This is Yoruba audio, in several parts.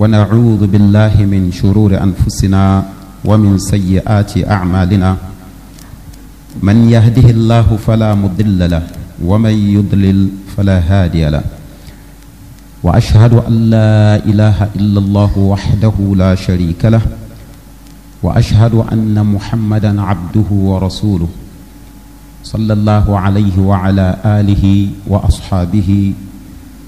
ونعوذ بالله من شرور أنفسنا ومن سيئات أعمالنا من يهده الله فلا مضل له ومن يضلل فلا هادي له وأشهد أن لا إله إلا الله وحده لا شريك له وأشهد أن محمدا عبده ورسوله صلى الله عليه وعلى آله وأصحابه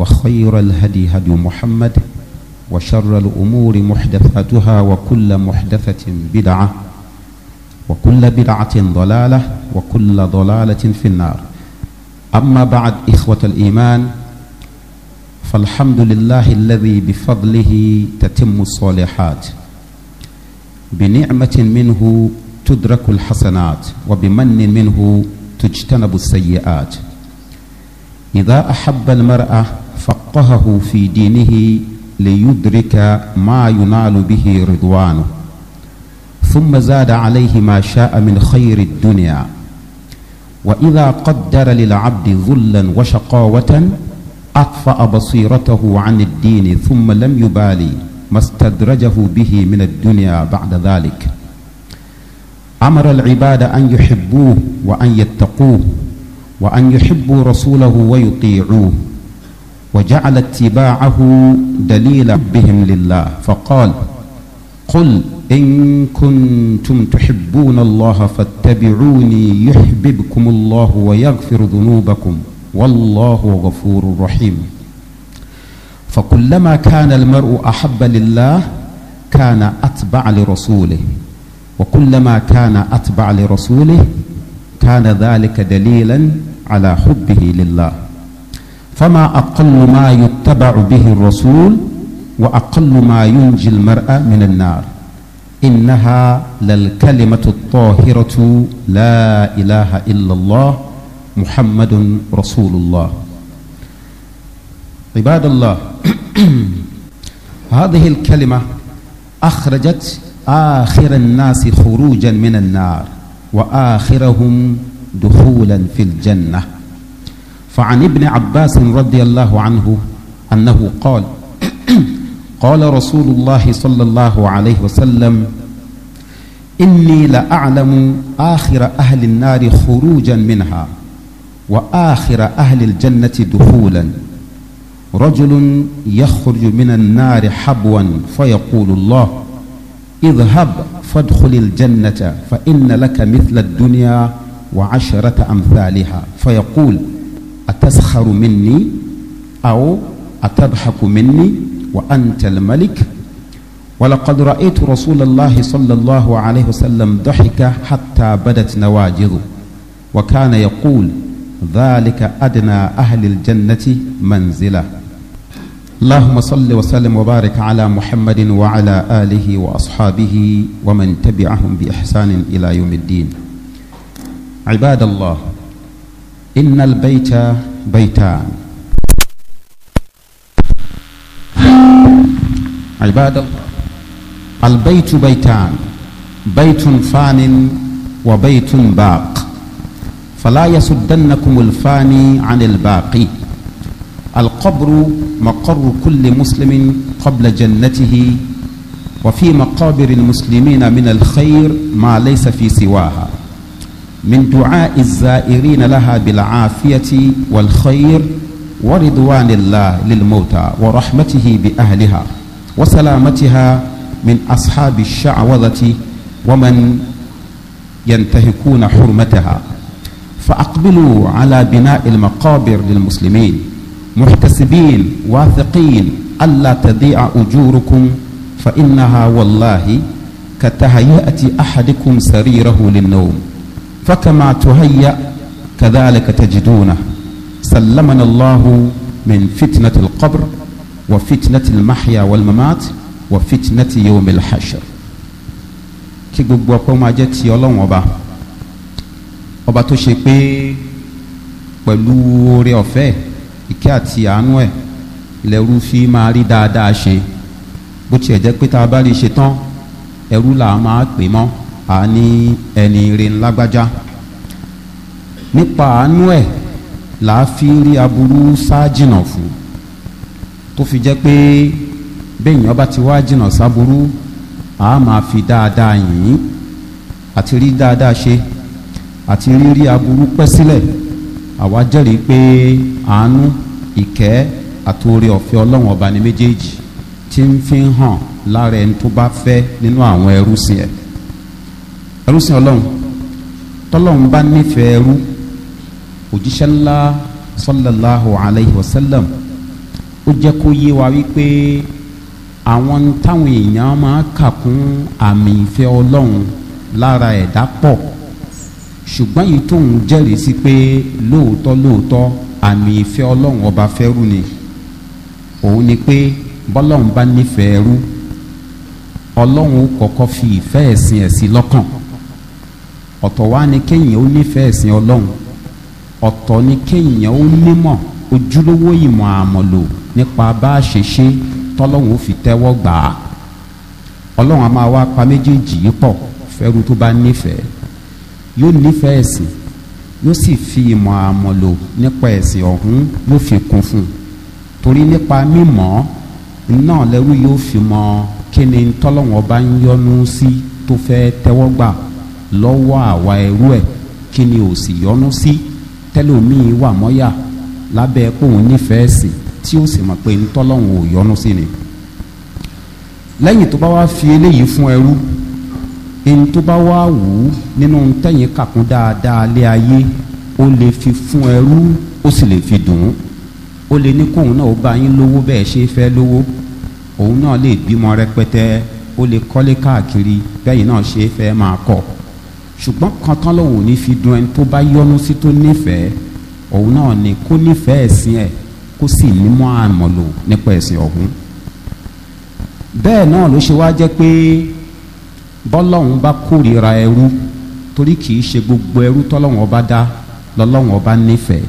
وخير الهدي هدي محمد وشر الأمور محدثاتها وكل محدثة بدعة وكل بدعة ضلالة وكل ضلالة في النار أما بعد إخوة الإيمان فالحمد لله الذي بفضله تتم الصالحات بنعمة منه تدرك الحسنات وبمن منه تجتنب السيئات إذا أحب المرأة فقهه في دينه ليدرك ما ينال به رضوانه ثم زاد عليه ما شاء من خير الدنيا وإذا قدر للعبد ذلا وشقاوة أطفأ بصيرته عن الدين ثم لم يبالي ما استدرجه به من الدنيا بعد ذلك أمر العباد أن يحبوه وأن يتقوه وأن يحبوا رسوله ويطيعوه وجعل اتباعه دليل بهم لله فقال قل إن كنتم تحبون الله فاتبعوني يحببكم الله ويغفر ذنوبكم والله غفور رحيم فكلما كان المرء أحب لله كان أتبع لرسوله وكلما كان أتبع لرسوله كان ذلك دليلا على حبه لله فما أقل ما يتبع به الرسول وأقل ما ينجي المرأة من النار إنها للكلمة الطاهرة لا إله إلا الله محمد رسول الله عباد الله هذه الكلمة أخرجت آخر الناس خروجا من النار وآخرهم دخولا في الجنة فعن ابن عباس رضي الله عنه أنه قال قال رسول الله صلى الله عليه وسلم إني لأعلم آخر أهل النار خروجا منها وآخر أهل الجنة دخولا رجل يخرج من النار حبوا فيقول الله اذهب فادخل الجنة فإن لك مثل الدنيا وعشرة أمثالها فيقول أتسخر مني أو أتضحك مني وأنت الملك ولقد رأيت رسول الله صلى الله عليه وسلم ضحك حتى بدت نواجذه وكان يقول ذلك أدنى أهل الجنة منزلة اللهم صل وسلم وبارك على محمد وعلى آله وأصحابه ومن تبعهم بإحسان إلى يوم الدين عباد الله إن البيت بيتان عباد الله البيت بيتان بيت فان وبيت باق فلا يسدنكم الفاني عن الباقي القبر مقر كل مسلم قبل جنته وفي مقابر المسلمين من الخير ما ليس في سواها من دعاء الزائرين لها بالعافية والخير ورضوان الله للموتى ورحمته بأهلها وسلامتها من أصحاب الشعوذة ومن ينتهكون حرمتها فأقبلوا على بناء المقابر للمسلمين محتسبين واثقين ألا تضيع أجوركم فإنها والله كتهيئة أحدكم سريره للنوم فكما تهيأ كذلك تجدونه سلمنا الله من فتنة القبر وفتنة المحيا والممات وفتنة يوم الحشر kí gbogbo ọpẹ́ máa jẹ́ ti ọlọ́run ọba ọba tó ṣe pé pẹ̀lú oore ọ̀fẹ́ ìkẹ́ àti àánú ẹ̀ lẹ́rú fi máa rí dáadáa ṣe bó tiẹ̀ jẹ́ pé tá a bá rí ṣe tán ẹrú là á máa pè mọ́ a ní ẹni rè ńlágbájá nípa àánú ẹ̀ là á fi rí aburú sáàjìnà fún tó fi jẹ́ pé béèyàn bá ti wá jìnà sáburú a máa fi dáadáa yìnyín àti rí dáadáa ṣe àti rírí aburú pẹ́ sílẹ̀ àwa jẹ́rìí pé àánú ìkẹ́ àtòrí ọ̀fẹ́ ọlọ́run ọba ní méjèèjì tí ń fi hàn lára ẹni tó bá fẹ́ nínú àwọn ẹrú sí ẹ̀ ẹrú sìn ọlọ́run tọ́lọ́run bá nífẹ̀ẹ́ ẹrú òjíṣẹ́ ńlá sallallahu alayhi wa sallam ó jẹ́ kó yé wa wípé àwọn táwọn èèyàn máa kà kún àmì ìfẹ́ ọlọ́run lára ẹ̀dá pọ̀ ṣùgbọ́n yìí tóun jẹ́rìí sí pé lóòótọ́ lóòótọ́ àmì ìfẹ́ ọlọ́run ọba fẹ́rù ni òun ni pé bọ́lọ́run bá nífẹ̀ẹ́ rú ọlọ́run kọ́kọ́ fi ìfẹ́ ẹ̀sìn ẹ̀sìn lọ́kàn ọ̀tọ̀ wá ni kéèyàn ó nífẹ̀ẹ́ ẹ̀sìn ọlọ́run ọ̀tọ̀ ni kéèyàn ó nímọ̀ ojúlówó ìmọ̀ àmọ̀lò nípa bá a ṣe ṣe tọ́lọ́run ó fi tẹ́wọ́ gbà á ọlọ́run a máa wá pa méjèèjì yìí pọ̀ fẹ́ru tó bá nífẹ̀ẹ́ yóò nífẹ̀ẹ́ ẹ̀sìn yóò sì fi ìmọ̀ àmọ̀lò nípa ẹ̀sìn ọ̀hún yóò fi kún fún un torí nípa mímọ́ náà lẹ́rú yóò fi mọ kí ni tọ́lọ́run ọba ń yọnu sí tó fẹ́ tẹ́wọ́ gbà á lọ́wọ́ àwa ẹrú ẹ̀ kí ni ò sì yọnu sí tẹ́lómìn wà mọ́yà lábẹ́ pòun nífẹ̀ẹ́ sí tí ó sì mọ̀ pé ntọ́lọ́hún ò yọnu sí ni. lẹ́yìn tó bá wá fi eléyìí fún ẹrú ẹni tó bá wá wù ú nínú tẹ̀yìn kàkún dáadáa lé ayé ó lè fi fún ẹrú ó sì lè fi dùn ún ó lè ní kóun náà ó bá yín lówó bẹ́ẹ̀ ṣe fẹ́ lówó òun náà lè bímọ rẹpẹtẹ ó lè kọ́lé káàkiri bẹ́yìn náà ṣe fẹ́ máa kọ́ ọ ṣùgbọ́n kan tán lòun ò ní fi dun ẹni tó bá yọnu sí tó nífẹ̀ẹ́ òun náà ni kó nífẹ̀ẹ́ ẹ̀sìn ẹ̀ kó sì nímọ̀ àmọ̀lò nípa ẹ̀sìn ọ̀hún bẹ́ẹ̀ náà ló ṣe wá jẹ́ pé bọ́lọ́hún bá kórìíra ẹrú torí kì í ṣe gbogbo ẹrú tọ́lọ́hún ọba dá lọ́lọ́hún ọba nífẹ̀ẹ́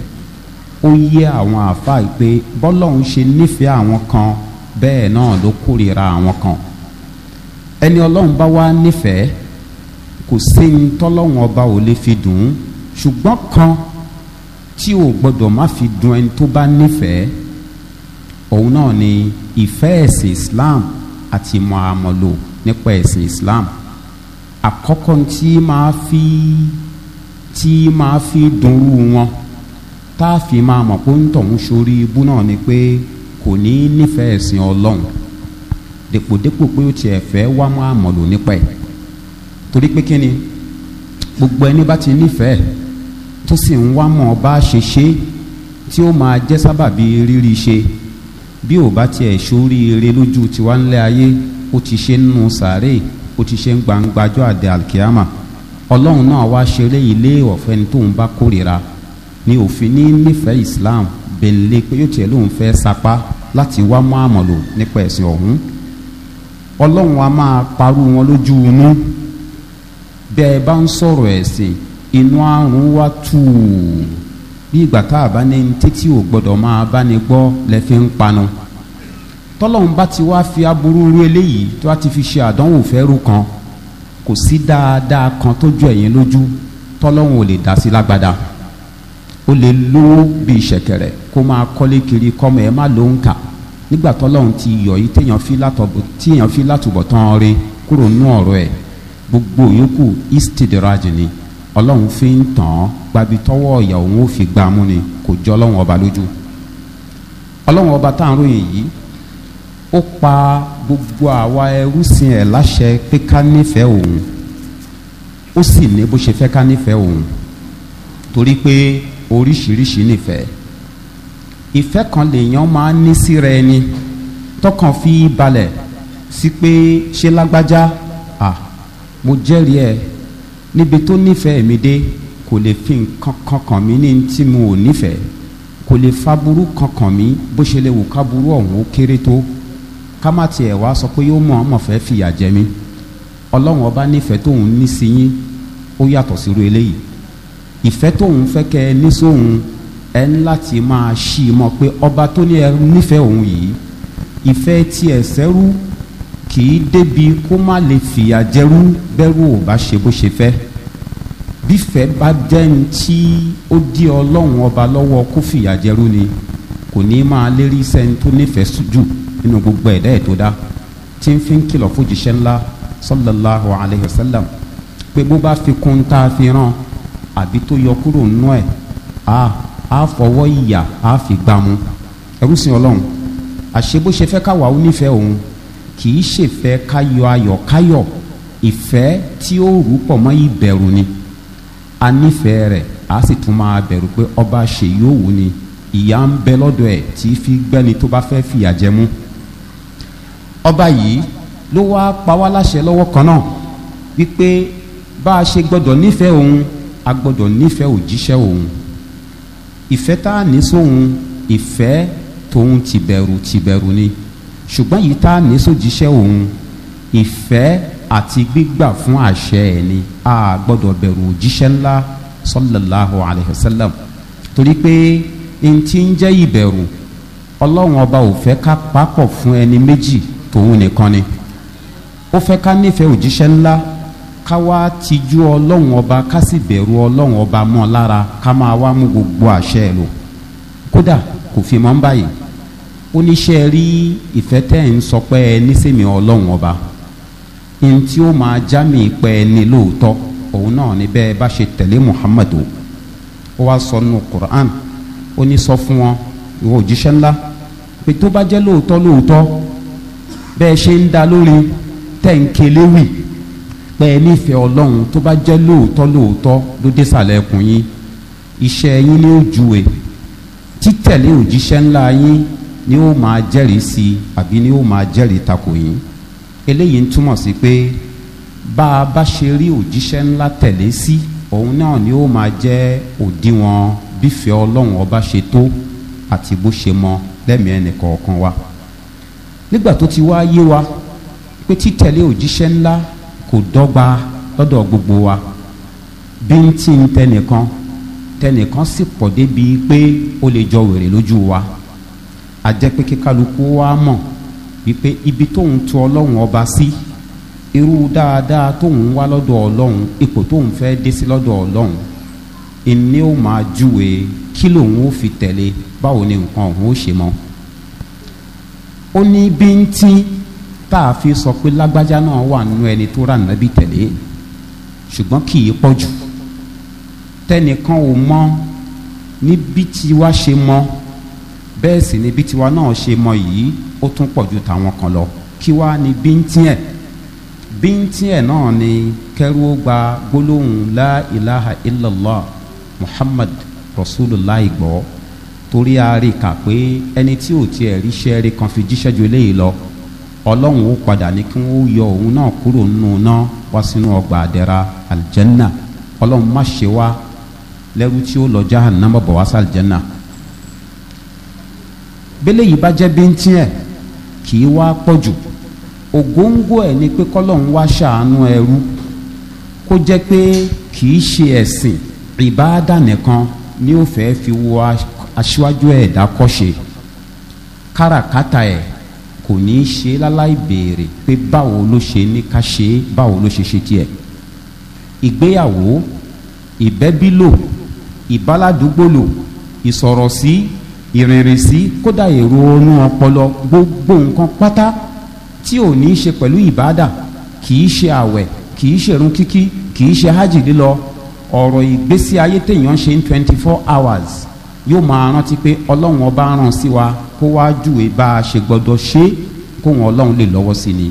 ó yẹ àwọn àáfàá pé bọ́lọ́hún ṣe nífẹ̀ẹ́ àwọn kan bẹ́ẹ̀ náà ló kórìíra àwọn kan ẹni ọlọ́hún bá wá nífẹ̀ẹ́ kò séyìn tọ́lọ́wọ́n ọba ò lè fi dùn ún ṣùgbọ́n kan tí ò gbọ́dọ̀ má fi dùn ẹni tó bá nífẹ̀ẹ́ òun náà ni ìfẹ́ ẹ̀sìn islam àti mọ̀àmọ̀lò nípa ẹ̀sìn islam àkọ́kọ́ tí máa fi tí máa fi dùnrú wọn tá a fi máa mọ̀ pé ń tọ̀hún sórí ibú náà ni pé kò ní nífẹ̀ẹ́ ẹ̀sìn ọlọ́run dèpòdépò pé ó tiẹ̀ fẹ́ wá mọ̀àmọ̀lò nípa ẹ̀ torí pé kí ni gbogbo ẹni bá ti nífẹ̀ẹ́ tó sì ń wá mọ̀ bá ṣe ṣe tí ó máa jẹ́ sábàbí rírí ṣe bí ò bá tiẹ̀ sórí eré lójú tiwa ńlẹ̀ ayé ó ti ṣe nínú sàárè ó ti ṣe ń gbangbajọ́ àdé alkiyama ọlọ́run náà wá ṣe léyìí léèwọ̀ fẹ́ni tó ń bá kórìíra ni òfin ní nífẹ̀ẹ́ islam bèlè pé yóò tiẹ̀ lóun fẹ́ sapá láti wá mọ́ àmọ̀lò nípa ẹ̀sìn ọ̀hún ọlọ́run wa máa parú wọn lójú inú bẹ́ẹ̀ bá ń sọ̀rọ̀ ẹ̀sìn inú àrùn wá tù ú bí ìgbà tá a bá ní títí ò gbọ́dọ̀ máa bá ní gbọ́ lẹ fi ń panu tọ́lọ́run bá ti wá fi aburú rú eléyìí tó a ti fi ṣe àdánwò fẹ́rù kan kò sí dáadáa kan tó ju ẹ̀yìn lójú tọ́lọ́run ò lè dá sí lágbada ó lè lówó bí ìṣẹ̀kẹ̀rẹ̀ kó máa kọ́lé kiri kọ́mọ ẹ̀ má ló ń kà nígbà tọ́lọ́run ti yọ̀ yìí téèyàn fi látọ̀bọ̀ tán rí kúrò nú ọ̀rọ̀ ẹ̀ gbogbo yòókù istidraj ni ọlọ́run fi ń tàn án gbabi tọ́wọ́ ọ̀yà òun ò fi gbà mú ni kò jọ ọlọ́run ọba lójú ọlọ́run ọba tá à ń ròyìn yìí ó pa gbogbo àwa ẹrúsìn ẹ̀ láṣẹ pé ká nífẹ̀ẹ́ òun ó sì ní bó ṣe fẹ́ ká nífẹ̀ẹ́ òun torí pé oríṣiríṣi nífẹ̀ẹ́ ìfẹ́ kan lèèyàn máa ń ní síra ẹni tọkàn fi balẹ̀ sí pé ṣé lágbájá mo jẹ́rìí ẹ níbi tó nífẹ̀ẹ́ mi dé kò lè fi nǹkan kankan mi ní tí mo ò nífẹ̀ẹ́ kò lè fa burú kankan mi bó ṣe lè wò ká burú ọ̀hún ó kéré tó ká má tiẹ̀ wá sọ pé yóò mọ̀ ọ́n mọ̀ fẹ́ fìyà jẹ mi ọlọ́run ọba nífẹ̀ẹ́ tóun ní sí yín ó yàtọ̀ sí irú eléyìí ìfẹ́ tóun fẹ́ kẹ́ ẹ ní sóun ẹ ń láti máa ṣí i pé ọba tó ní ẹ nífẹ̀ẹ́ òun yìí ìfẹ́ tiẹ̀ sẹ́rú kì í débi kó má lè fìyà jẹrú bẹ́rù ò bá ṣe bó ṣe fẹ́ bífẹ́ bá jẹ́ ní tí ó dí ọlọ́run ọba lọ́wọ́ kó fìyà jẹrú ni kò ní máa lérí sẹ́ni tó nífẹ̀ẹ́ jù nínú gbogbo ẹ̀dá ẹ̀ dá tí ń fi ń kìlọ̀ fójìṣẹ́ ńlá sallallahu alayhi wa sallam pé bó bá fi kún tá a fi ràn àbí tó yọ kúrò nínú ẹ̀ a a fọwọ́ ìyà a fi gbámu ẹrú sin ọlọ́run àṣebóṣe fẹ́ káwa ó nífẹ̀ẹ́ òun kì í ṣèfẹ́ káyọ ayọ̀ káyọ̀ ìfẹ́ tí ó rú pọ̀ mọ́ ìbẹ̀rù ni a nífẹ̀ẹ́ rẹ̀ a sì tún máa bẹ̀rù pé ọba ṣe yóò wù ni ìyá ń bẹ lọ́dọ̀ ẹ̀ tí fi gbẹ́ni tó bá fẹ́ fìyà jẹ mú ọba yìí ló wá pa wá láṣẹ lọ́wọ́ kan náà wípé bá a ṣe gbọ́dọ̀ nífẹ̀ẹ́ òun a gbọ́dọ̀ nífẹ̀ẹ́ òjíṣẹ́ òun ìfẹ́ tá a ní sóhun ìfẹ́ tóun tìbẹ̀rù tìbẹ̀rù ni ṣùgbọ́n yìí tá a ní sójíṣẹ́ òun ìfẹ́ àti gbígbà fún àṣẹ ẹ̀ ni a gbọ́dọ̀ bẹ̀rù òjíṣẹ́ ńlá sallallahu alayhi sallam torí pé n ti ń jẹ́ ìbẹ̀rù ọlọ́run ọba ò fẹ́ ká papọ̀ fún ẹni méjì tòun nìkan ni ó fẹ́ ká nífẹ̀ẹ́ òjíṣẹ́ ńlá ká wá tijú ọlọ́run ọba ká sì bẹ̀rù ọlọ́run ọba mọ́ lára ká máa wá mú gbogbo àṣẹ ẹ̀ lò kódà kò fi mọ́ báyìí oníṣẹ́ rí ìfẹ́ tẹ́ ń sọ pé ẹ nísèmi ọlọ́run ọba n tí ó máa já mi pẹ́ ẹ ní lóòótọ́ òun náà ni bẹ́ẹ̀ bá ṣe tẹ̀lé muhammadu ó wá sọ nù quran ó ní sọ fún wọn ìwọ òjíṣẹ́ ńlá pé tó bá jẹ́ lóòótọ́ lóòótọ́ bẹ́ẹ̀ ṣe ń da lórí tẹ̀ ń keléwì pé ẹ nífẹ̀ẹ́ ọlọ́run tó bá jẹ́ lóòótọ́ lóòótọ́ ló dé sàlẹ̀ ẹkùn yín iṣẹ́ yín ní òjúwe títẹ̀lé òjíṣẹ́ ńlá yín ni ó máa jẹ́rìí sí i àbí ni ó máa jẹ́rìí takò yín eléyìí ń túmọ̀ sí pé bá a bá ṣe rí òjíṣẹ́ ńlá tẹ̀lé sí òun náà ni ó máa jẹ́ òdiwọ̀n bífẹ́ ọlọ́run ọba ṣe tó àti bó ṣe mọ lẹ́mìí ẹnì kọ̀ọ̀kan wa nígbà tó ti wá yé wa pé títẹ̀lé òjíṣẹ́ ńlá kò dọ́gba lọ́dọ̀ gbogbo wa bí ń tí ń tẹnìkan tẹnìkan sì pọ̀ débi pé ó lè jọ wèrè lójú wa àjẹ́ pé kíkálukú wa mọ̀ wípé ibi tóun tu ọlọ́run ọba sí irú dáadáa tóun wá lọ́dọ̀ ọlọ́run ipò tóun fẹ́ dé sí lọ́dọ̀ ọlọ́run ìní ó máa júwe kí lòun ó fi tẹ̀lé báwo ni nǹkan ọ̀hún ó ṣe mọ́ ó ní bíntín tá a fi sọ pé lágbájá náà wà nínú ẹni tó rà nábì tẹ̀lé ṣùgbọ́n kì í pọ̀ jù tẹnìkan ò mọ níbi tí wá ṣe mọ́ bẹ́ẹ̀ sì ni bí tiwa náà ṣe mọ yìí ó tún pọ̀ ju tàwọn kan lọ kí wá ni bíntín ẹ̀ bíntín náà ni kẹ́rù ó gba gbólóhùn la ilaha illallah muhammad rasulillah gbọ́ torí a rí kà pé ẹni tí ò tiẹ̀ ríṣẹ́ rí kan fi jíṣẹ́ ju eléyìí lọ ọlọ́run ó padà ní kí wọ́n yọ òun náà kúrò nínú iná wá sínú ọgbà àdẹ́ra aljanna ọlọ́run má ṣe wá lẹ́rú tí ó lọ jáhàn náà wá sí aljanna bẹ́lẹ̀ yìí bá jẹ́ bíntín ẹ̀ kì í wá pọ̀ jù ògóńgó ẹ̀ ni pé kọ́lọ́hún wá ṣàánú ẹrú kó jẹ́ pé kì í ṣe ẹ̀sìn ìbáadà nìkan ni ó fẹ́ fi wo aṣíwájú ẹ̀dá kọ́ṣe káràkátà ẹ̀ kò ní í ṣe láláì béèrè pé báwo ló ṣe ní ká ṣe é báwo ló ṣe ṣe tiẹ̀ ìgbéyàwó ìbẹ́bílò ìbáládùúgbò lò ìsọ̀rọ̀ sí ìrìnrìnsí kódà èrò ọnú ọpọlọ gbogbo nǹkan pátá tí ò ní í ṣe pẹ̀lú ìbádà kì í ṣe àwẹ̀ kì í ṣe irun kíkí kì í ṣe hajj lílọ ọ̀rọ̀ ìgbésí ayé téèyàn ṣe ní twenty four hours yóò máa rántí pé ọlọ́run ọba ràn sí wa kó wá júwe bá a ṣe gbọ́dọ̀ ṣe kóhun ọlọ́run lè lọ́wọ́ sí ni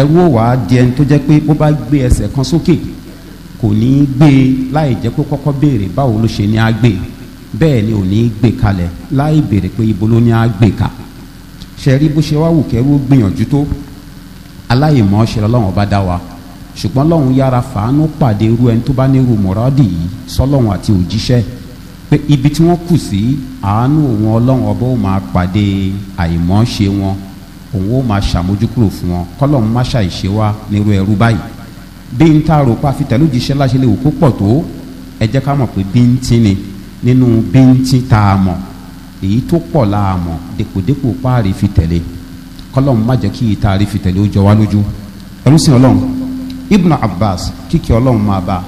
ẹrú òwà di ẹni tó jẹ́ pé bó bá gbé ẹsẹ̀ kan sókè kò ní í gbé e láì jẹ́ pé kọ́kọ́ béèrè báwo ló ṣe ní á gbé e bẹ́ẹ̀ ni ò ní gbé kalẹ̀ láì béèrè pé ibo ló ní á gbé ka ṣẹ̀rí bó ṣe wá wù kẹ́rú gbìyànjú tó aláìmọ̀ ṣe lọ́wọ́n bá dá wa ṣùgbọ́n lọ́hùn yára fàánú pàdé irú ẹni tó bá nírú mọ̀rádì yìí sọ́lọ́hùn àti òjíṣẹ́ pé ibi tí wọ́n kù sí àánú òun ọlọ́run ọba ó máa pàdé àìmọ̀ ṣe wọn òun ó máa ṣàmójúkúrò fún wọn kọ́lọ́hún má ṣàìṣe wa nírú ẹrú báyìí bí n ta rò pa fìtẹ́lójíṣẹ́ láṣẹ lè wò kó pọ̀ tó ẹ jẹ́ ká mọ̀ pé bí n tí ni nínú bíntín tá a mọ̀ èyí tó pọ̀ la mọ̀ dèpòdèpò páàrí fi tẹ̀lé kọ́lọ́mù má jẹ́ kí ìtaari fi tẹ̀lé ó jọ wá lójú ẹlúsìn ọlọ́run ibn abbas kíkẹ́ ọlọ́run máa bá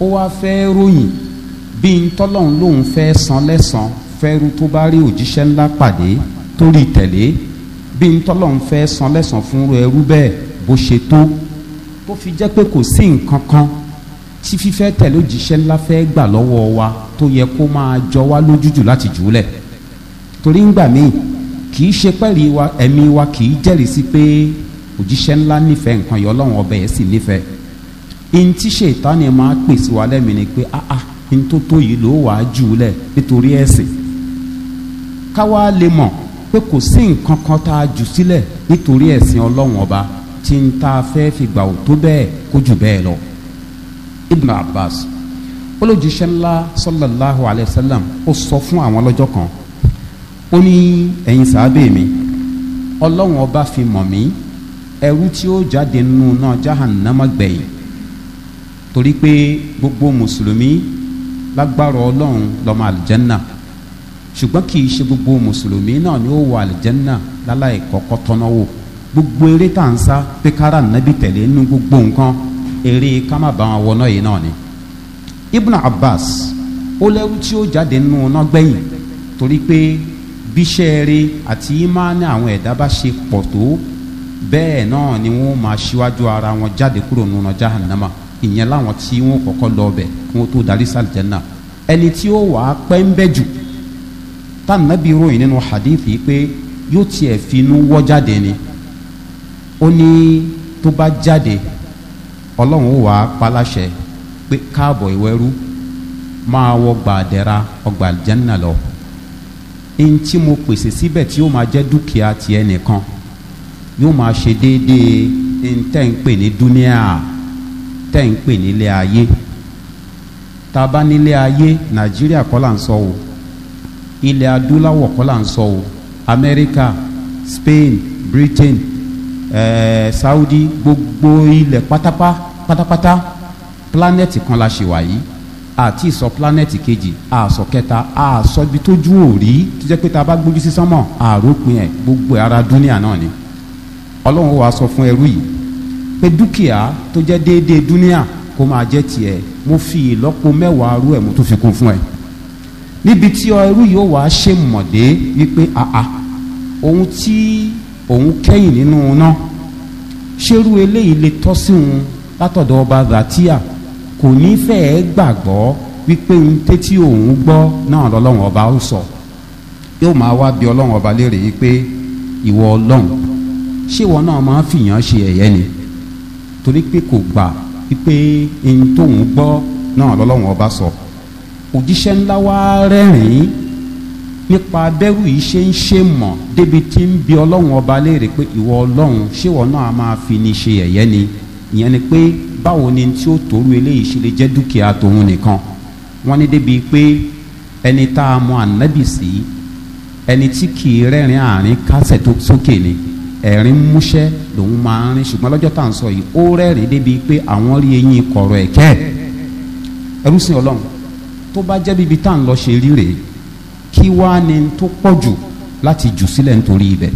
ó wá fẹ́ ròyìn bí n tọ́lọ́run lòun fẹ́ san lẹ́sàn fẹ́rú tó bá rí òjíṣẹ́ ńlá pàdé tó rí tẹ̀lé bí n tọ́lọ́run fẹ́ san lẹ́sàn fún ẹrú bẹ́ẹ̀ bó ṣe tó tó fi jẹ́ pé kò sí nǹkan kan tí fífẹ́ tẹ̀lé òjíṣẹ́ ńlá fẹ́ gbà lọ́wọ́ wa tó yẹ kó máa jọ wá lójújù láti jù ú lẹ̀ torí ńgbà kì í ṣe pẹ́ẹ́lí wa ẹ̀mí wa kì í jẹ́rìí sí pé òjíṣẹ́ ńlá nífẹ̀ẹ́ nǹkan yọ ọlọ́run ọbẹ̀ yẹn sì nífẹ̀ẹ́ ihun tí ṣètánì máa pè wa lẹ́mìí ni pé ah ah ihun tó tó yìí ló wàá jù ú lẹ̀ nítorí ẹ̀sìn káwá lè mọ̀ pé kò sí nǹkan kan tá a jù sílẹ̀ nítorí ẹ̀sìn ọlọ́run ọba tí ń ta fẹ́ fi gbà ò tó bẹ́ẹ̀ kó jù bẹ́ẹ̀ lọ ibn abbas olójúṣe ńlá sọlọ́láhu alayhi salam ó sọ fún àwọn ọlọ́jọ́ kan ó ní ẹ̀yin sàábẹ̀ mi ọlọ́run ọba fi mọ̀ mí ẹrú tí ó jáde nínú náà jahannama gbẹ̀yìn torí pé gbogbo mùsùlùmí lágbára ọlọ́run lọ́mọ àlùjẹ́nà ṣùgbọ́n kì í ṣe gbogbo mùsùlùmí náà ni ó wọ àlùjẹ́nà láláì kọ́kọ́ tọ́nà wò gbogbo eré tá à ń sá nínú gbogbo nǹkan eré ká má yìí náà ni ibn abbas ó lẹ́rú tí ó jáde nínú ọ̀nà gbẹ̀yìn torí pé bíṣẹ́ẹ̀rẹ́ àti ìmáàní àwọn ẹ̀dá bá ṣe pọ̀ tó bẹ́ẹ̀ náà ni wọ́n máa ṣíwájú ara wọn jáde kúrò nínú jahannama ìyẹn láwọn tí wọ́n kọ́kọ́ lọ ọbẹ̀ kí wọ́n tó darí sàlìjẹ́nà ẹni tí ó wàá pẹ́ ń bẹ́ jù tànàbí ròyìn nínú hadith yìí pé yóò tiẹ̀ finú wọ́ jáde ni ó ní tó bá jáde ọlọ́run ó wàá paláṣẹ pé káàbọ̀ ìwẹ́rú máa wọ gbàdẹ́ra ọgbà jẹ́nà lọ ẹni tí mo pèsè síbẹ̀ tí yóò máa jẹ́ dúkìá tiẹ̀ nìkan yóò máa ṣe déédéé ẹni tẹ́ ń pè ní dúníà tẹ́ ń pè nílé ayé tá a bá nílé ayé nàìjíríà kọ́ là ń sọ o ilẹ̀ adúláwọ̀ kọ́ là ń sọ o amẹ́ríkà spain britain ẹ̀ẹ́d eh, saudi gbogbo ilẹ̀ pátápátá pátápátá planẹ̀tì kan la ṣe wà yìí àti ìsọ planẹ̀tì kejì àsọ kẹta àsọ ibi tójú òrí tó jẹ́ pé tá a bá gbójú sí sánmọ̀ àròpin ẹ̀ gbogbo ara dúníà náà ni ọlọ́run wa sọ fún ẹrú yìí pé dúkìá tó jẹ́ déédéé dúníà kó máa jẹ́ tiẹ̀ mo fi ìlọ́po mẹ́wàá rú ẹ̀ mo tún fi kún fún ẹ̀ níbi tí ẹrú yìí ó wàá ṣe mọ̀dé wípé àà ohun tí òun kẹ́yìn nínú náà ṣerú eléyìí lè tọ́ sí òun látọ̀dọ̀ ọba zatia kò ní fẹ́ẹ́ gbàgbọ́ wípé ń tẹ́tí òun gbọ́ náà lọ́lọ́run ọba ó sọ yóò máa wá bí ọlọ́run ọba léèrè yìí pé ìwọ ọlọ́run ṣé ìwọ náà máa ń fìyàn ṣe ẹ̀yẹ ni torí pé kò gbà wípé ń tóun gbọ́ náà lọ́lọ́run ọba sọ òjíṣẹ́ ńlá wá rẹ́rìn-ín nípa abẹ́rù yìí ṣe ń ṣe mọ̀ débi tí ń bi ọlọ́run ọba léèrè pé ìwọ ọlọ́run ṣé ìwọ náà máa fi ni ṣe ẹ̀yẹ ni ìyẹn ni pé báwo ni tí ó tòru eléyìí ṣe lè jẹ́ dúkìá tòun nìkan wọ́n ní débi pé ẹni tá a mọ ànábì sí ẹni tí kì í rẹ́rìn àárín kásẹ̀ tó sókè ni ẹ̀rín músẹ́ lòun máa ń rìn ṣùgbọ́n lọ́jọ́ tá à ń sọ yìí ó rẹ́rìn débi pé àwọn rí eyín kọ̀rọ̀ ẹ̀kẹ́ ẹrú sí ọlọ́run tó bá jẹ́ bíbi tá à ń lọ ṣe rí rèé kí wá ni tó pọ̀ jù láti jù sílẹ̀ nítorí ibẹ̀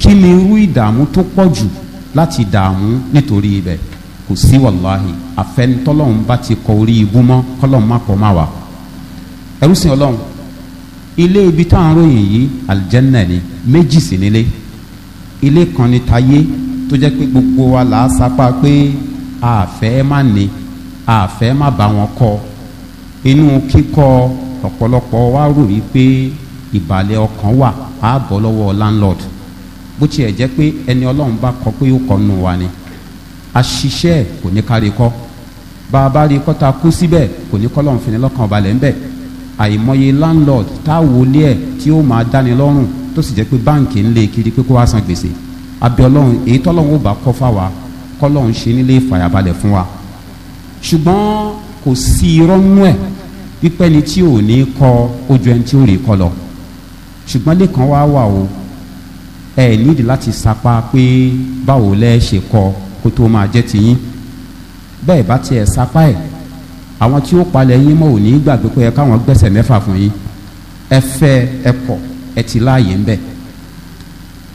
kí ni irú ìdààmú tó pọ̀ jù láti dààmú nítorí ibẹ̀ kò sí wàláhì àfẹnitọ́lọ́hún bá ti kọ orí ibú mọ́ kọ́lọ́hún má kọ́ má wà. ẹrú sìn ọlọ́run ilé ibi táwọn ròyìn yìí aljanna ni méjì sí nílé ilé kan ní tayé tó jẹ́ pé gbogbo wa là á sapá pé àfẹ́ má ní àfẹ́ má bá wọn kọ́ inú kíkọ́ ọ̀pọ̀lọpọ̀ wa rò yí pé ìbàlẹ̀ ọkàn wà á bọ́ lọ́wọ́ landlord bó tiẹ̀ jẹ́ pé ẹni ọlọ́run bá kọ pé ó kọ́ nù wa ni àṣìṣe ẹ̀ kò ní kárí kọ́ bá a bá rí kọ́ ta kú síbẹ̀ kò ní kọ́ lọ́n fini lọ́kàn balẹ̀ ńbẹ̀ àìmọye landlord tá a wọlé ẹ̀ tí ó máa dáni lọ́rùn tó sì jẹ́ pé báǹkì ń lé kiri pé kó wá san gbèsè abẹ́ ọlọ́run èyí tọ́lọ́run ó bá kọ́ fáwa kọ́lọ́run ṣe nílé ìfàyàbalẹ̀ fún wa ṣùgbọ́n kò sí irọ́ nú ẹ̀ pípẹ́ ni tí ò ní kọ ojú ẹni tí ó rè kọ́ lọ ṣùgbọ́n lẹ́kàn wá wà o ẹ̀ nídìí láti sapá pé báwo lẹ́ ṣe kọ́ ọ kó tó máa jẹ́ tiyín bẹ́ẹ̀ bá tiẹ̀ sapá ẹ̀ àwọn tí ó palẹ̀ yín mọ́ ò ní gbàgbé pé ẹ káwọn gbẹ̀sẹ̀ mẹ́fà fún yín ẹ fẹ́ ẹ kọ̀ ẹ ti láàyè ń bẹ̀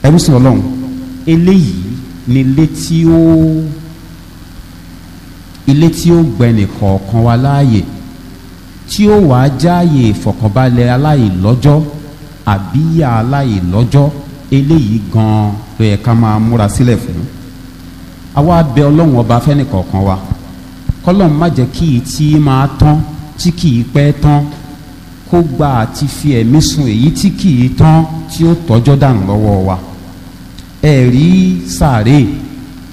ẹrú sí ọlọ́run eléyìí ni ilé tí ó ilé tí ó gbẹ̀nì kọ̀ọ̀kan wa láàyè tí ó wàá jáàyè ìfọ̀kànbalẹ̀ aláìlọ́jọ́ àbíyá aláìlọ́jọ́ eléyìí gan-an ló yẹ ká máa múra sílẹ̀ fún un àwa bẹ ọlọ́run ọba fẹ́ni kọ̀ọ̀kan wa kọ́lọ́run má jẹ́ kí tí máa tán tí kì í pẹ́ tán gba àti fi ẹ̀mí sun èyí tí kì í tán tí ó dànù lọ́wọ́ wa ẹ̀rí sàárè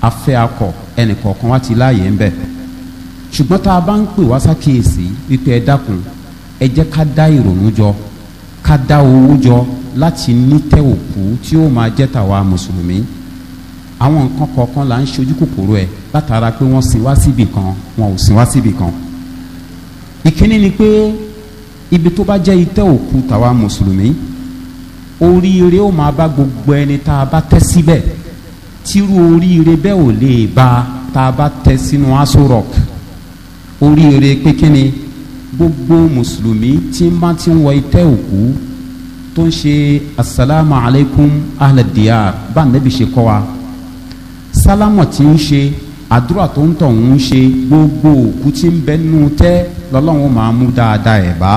afẹ́ akọ ẹnì kọ̀ọ̀kan wa ti láàyè ń bẹ̀ ṣùgbọ́n tá a bá ń pè wá sákèésí wípé ẹ dákun ẹ jẹ́ ká dá ìrònú jọ ká dá owó jọ láti ní tẹ́ òkú tí ó máa jẹ́ tàwa mùsùlùmí àwọn nǹkan kọ̀ọ̀kan là ń ṣojú kòkòrò ẹ̀ látara pé wọ́n sin wá síbì kan wọn ò sin wá síbì kan. ìkíní ni pé ibi tó bá jẹ́ itẹ́ òkú tàwa mùsùlùmí oríire ó máa bá gbogbo ẹni tá a bá tẹ́ síbẹ̀ tírú oríire bẹ́ẹ̀ ò lè ba tá a bá tẹ́ sínú aso rock oríire pé kíni gbogbo mùsùlùmí tí ń bá ti ń wọ itẹ́ òkú tó ń ṣe asalaamualeykum ahladiya bá nẹ́bi ṣe kọ́ wa sálámọ̀ tí ń ṣe àdúrà tó ń tọ̀ ń ṣe gbogbo òkú tí ń bẹ tẹ́ lọ́lọ́run máa mú dáadáa ẹ̀ bá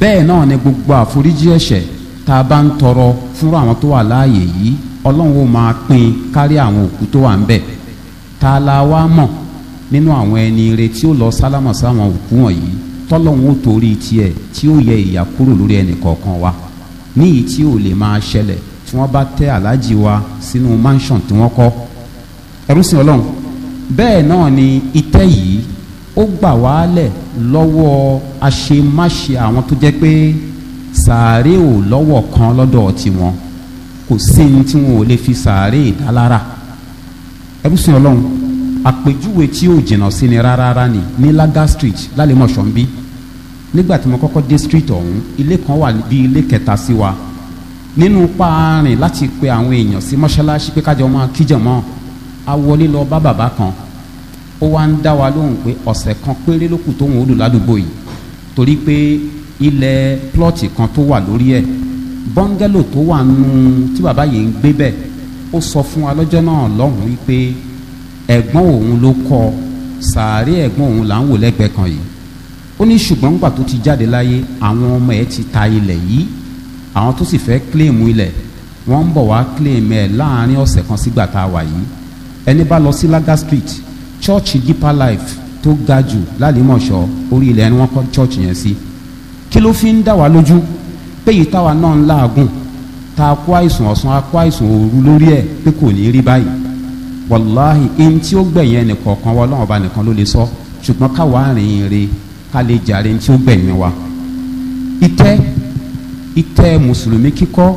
bẹ́ẹ̀ náà ni gbogbo àforíjì ẹ̀ṣẹ̀ tá a bá ń tọrọ fúnra àwọn tó wà láàyè yìí ọlọ́run ó máa pin kárí àwọn òkú tó wà ń bẹ̀ tá a la wá mọ̀ nínú àwọn ẹni ire tí ó lọ sálámọ̀ sáwọn òkú wọ̀nyí tọ́lọ́run ó torí tiẹ̀ tí ó yẹ ìyà kúrò lórí ẹnì kọ̀ọ̀kan wa níyì tí ò lè máa ṣẹlẹ̀ tí wọ́n bá tẹ́ aláàjì wa sínú mansion tí wọ́n kọ́ ẹrú sin ọlọ́run bẹ́ẹ̀ náà ni itẹ́ yìí ó gbà wá lẹ̀ lọ́wọ́ àṣemáṣe àwọn tó jẹ́ pé sàárè ò lọ́wọ́ kan lọ́dọ̀ tiwọn kò sí ní tí wọn ò lè fi sàárè ìdálára ẹrú sin ọlọ́run àpèjúwe tí ò jìnnà sí ni rárá ni ní laga street lálẹ́ mọ̀ṣọ́ ń bí nígbà tí mo kọ́kọ́ dé street ọ̀hún ilé kan wà bí ilé kẹta sí wa. Si nínú paarin láti pe àwọn èèyàn sí mọ́ṣáláṣí pé kájọ máa kíjọ mọ́ a wọlé lọ bá bàbá kan ó wá ń dá wa lóhùn pé ọ̀sẹ̀ kan péré ló tóun ó lò ládùúgbò yìí torí pé ilẹ̀ plọ́ọ̀tì kan tó wà lórí ẹ̀ bọ́ńgẹ́lò tó wà nù tí bàbá yìí ń gbé bẹ́ẹ̀ ó sọ fún wa lọ́jọ́ náà lọ́hùn wípé ẹ̀gbọ́n òun ló kọ́ sàárè ẹ̀gbọ́n òun là ń wò lẹ́gbẹ̀ẹ́ kan yìí ó ní ṣùgbọ́n nígbà tó ti jáde láyé àwọn ọmọ ẹ̀ ti ta ilẹ̀ yìí àwọn tó sì fẹ́ kílèmù ilẹ̀ wọ́n ń bọ̀ wá kílèmù ẹ̀ láàrin ọ̀sẹ̀ kan sígbà tá a wà yìí ẹni bá lọ sí laga street church deeper life tó ga jù lálẹ́mọ̀ṣọ́ orí ilẹ̀ ni wọ́n kọ́ church yẹn sí kí ló fi ń dà wá lójú pé yìí táwa náà ń láàgùn tá a kó àìsàn ọ̀sán a kó àìsàn òru lórí ẹ̀ pé kò ní rí báyìí wàláhì ẹni tí ó gbẹ̀yìn ẹnì kọ̀ọ̀kan wọ́n lọ́wọ́ bá nìkan ló lè sọ ṣùgbọ́n káwa rìn ìrìn ká lè jàre ẹni tí ó gbẹ̀yìn wa ìtẹ́ ìtẹ́ mùsùlùmí kíkọ́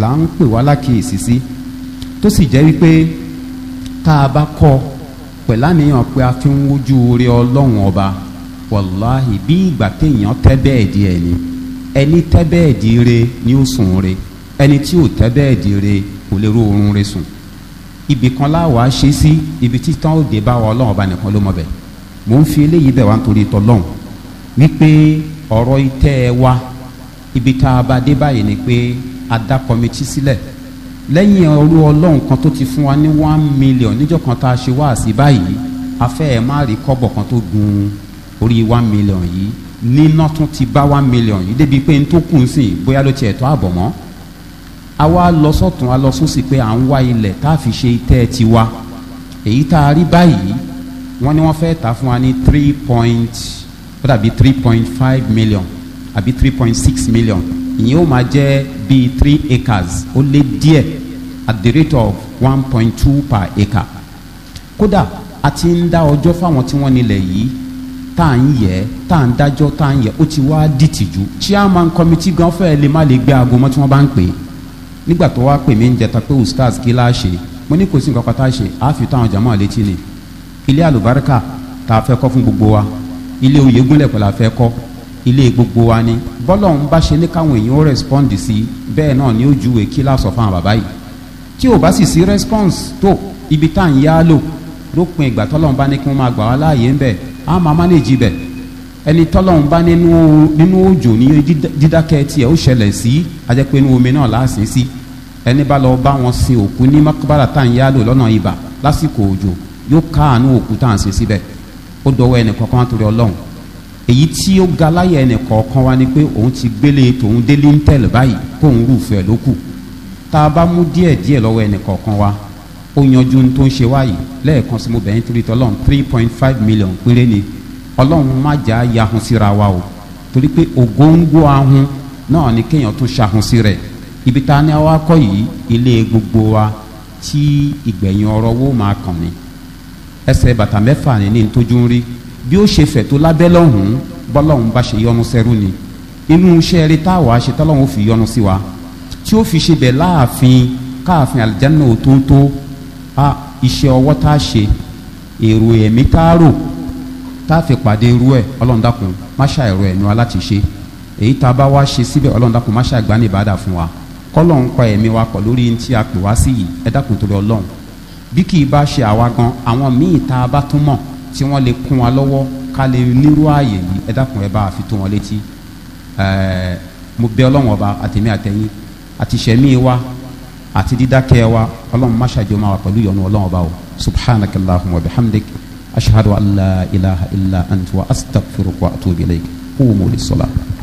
là ń pè wá lákìyèsí sí tó sì jẹ́ wípé tá a bá kọ́ pẹ̀láníyàn pé a fi ń wojú orí ọlọ́run ọba wàláhì bí ìgbà téèyàn tẹ́ bẹ́ẹ̀ di ẹni ẹni tẹ́ bẹ́ẹ̀ di re ni ó sùn re ẹni tí ò tẹ́ bẹ́ẹ̀ di re kò lè ro oorun re sùn ibì kan láwa ṣe sí ibi títàn òde bá wa ọlọ́run ọba nìkan ló mọ̀ bẹ́ẹ̀ mò ń fi eléyìí bẹ̀ wá nítorí tọ́lọ́run wípé ọ̀rọ̀ itẹ́ ẹ wá ibi tá a bá dé báyìí ni pé a dá kọmitì sílẹ̀ lẹ́yìn ọrú ọlọ́run kan tó ti fún wa ní one million níjọ́ kan tá a ṣe wá sí báyìí a fẹ́ ẹ̀ má rí kọ́bọ̀ kan tó gun orí one million yìí níná tún ti bá one million yìí débi pé n tó kù ń sìn bóyá ló tiẹ̀ tó àbọ̀ mọ́ a wá lọ sọ́tún a lọ sósì pé à ń wá ilẹ̀ tá a fi ṣe itẹ́ tiwa èyí tá a rí báyìí wọ́n ní wọ́n fẹ́ ta fún wa ní three point ó dàbí three point five million àbí three point six million ìyẹn ó máa jẹ́ bíi three acres ó lé díẹ̀ at the rate of one point two per acre kódà a ti ń dá ọjọ́ fáwọn tí wọ́n nílẹ̀ yìí tá à ń yẹ tá à ń dájọ́ tá à ń yẹ ó ti wá dìtìjú chairman committee gan fẹ́ẹ́ lè má lè gbé aago mọ́ tí wọ́n bá ń pè é nígbà tó wá pè mí ń jẹta pé ustaz kí láà ṣe mo ní kò sí nǹkan kan tá a ṣe àáfi táwọn jàmọ́ létí ni ilé àlùbáríkà tá a fẹ́ kọ́ fún gbogbo wa ilé oyè gúnlẹ̀ pẹ̀lú àfẹ́ ilé gbogbo wa ni bọ́lọ́hún bá ṣe ní káwọn èèyàn ó respond sí bẹ́ẹ̀ náà ni ó juwe kíláàsì ọ̀fọ̀ àwọn bàbá yìí tí ò bá sì sí response tó ibi tá à ń yá lò lópin ìgbà tọ́lọ́hún bá ní kí wọ́n máa gbà wá láàyè ń bẹ̀ á máa manage ibẹ̀ ẹni tọ́lọ́hún bá nínú òjò ní dídákẹ́ tiẹ̀ ó ṣẹlẹ̀ sí ajẹ́pẹ́ inú omi náà láàsín sí ẹni bá lọ bá wọn sin òkú ní makbara tá à ń yá lò lọ́nà ibà lásìkò òjò yóò káàánú òkú tá à ń sin síbẹ̀ ó dọwọ́ ẹnì kankan torí ọlọ́run èyí tí ó ga láyé ẹnì kọ̀ọ̀kan wa ni pé òun ti gbélé tòun délé ń tẹ̀lé báyìí kóun rúfẹ́ ló kù tá a bá mú díẹ̀ díẹ̀ lọ́wọ́ ẹnì kọ̀ọ̀kan wa ó yanjú tó ń ṣe wáyìí lẹ́ẹ̀kan sí mo bẹ̀rẹ̀ nítorí tọ́lọ́n three point five million péré ni ọlọ́run má jà á yahun síra wa o torí pé ògóńgó ahun náà ni kéèyàn tún ṣahun sí rẹ̀ ibi tá a ní àwa kọ́ yìí ilé gbogbo wa tí ìgbẹ̀yìn ọ̀rọ̀ wo máa kàn ní ẹsẹ̀ bàtà mẹ́fà ní ní tójú ń rí bí ó ṣe fẹ̀ tó lábẹ́ lọ́hùn-ún bọ́lọ́hùn bá ṣe yọnu sẹ́rú ni inú iṣẹ́ rí táwa ṣe tọ́lọ́hùn fi yọnu sí wa tí ó fi ṣe bẹ̀ láàfin káàfin àlìjáná òtótó a iṣẹ́ ọwọ́ tá a ṣe èrò ẹ̀mí tá a rò tá a fi pàdé irú ẹ̀ ọlọ́run dákun má ṣe àìrò ẹ̀nu aláti ṣe èyí tá a bá wá ṣe síbẹ̀ ọlọ́run dákun má ṣe àgbáni fún wa kọ́lọ́run pa ẹ̀mí wa pọ̀ lórí tí a wá sí yìí ẹ torí ọlọ́run bí kì í bá ṣe àwa gan àwọn míì tá a bá tún mọ̀ tí wọ́n lè kún wa lọ́wọ́ ká lè nírú ààyè yìí ẹ dákun ẹ bá a fi tó wọn létí mo bẹ ọlọ́run ọba àtẹ̀mí àtẹ̀yìn àti sẹ̀mí wa àti dídákẹ́ wa ọlọ́run má ṣàjọ máa wà pẹ̀lú ìyọnu ọlọ́run ọba o subhanaka allahumma wa bihamdik ashhadu an ilaha illa anta wa astaghfiruka wa atubu ilayk qumu lis-salat.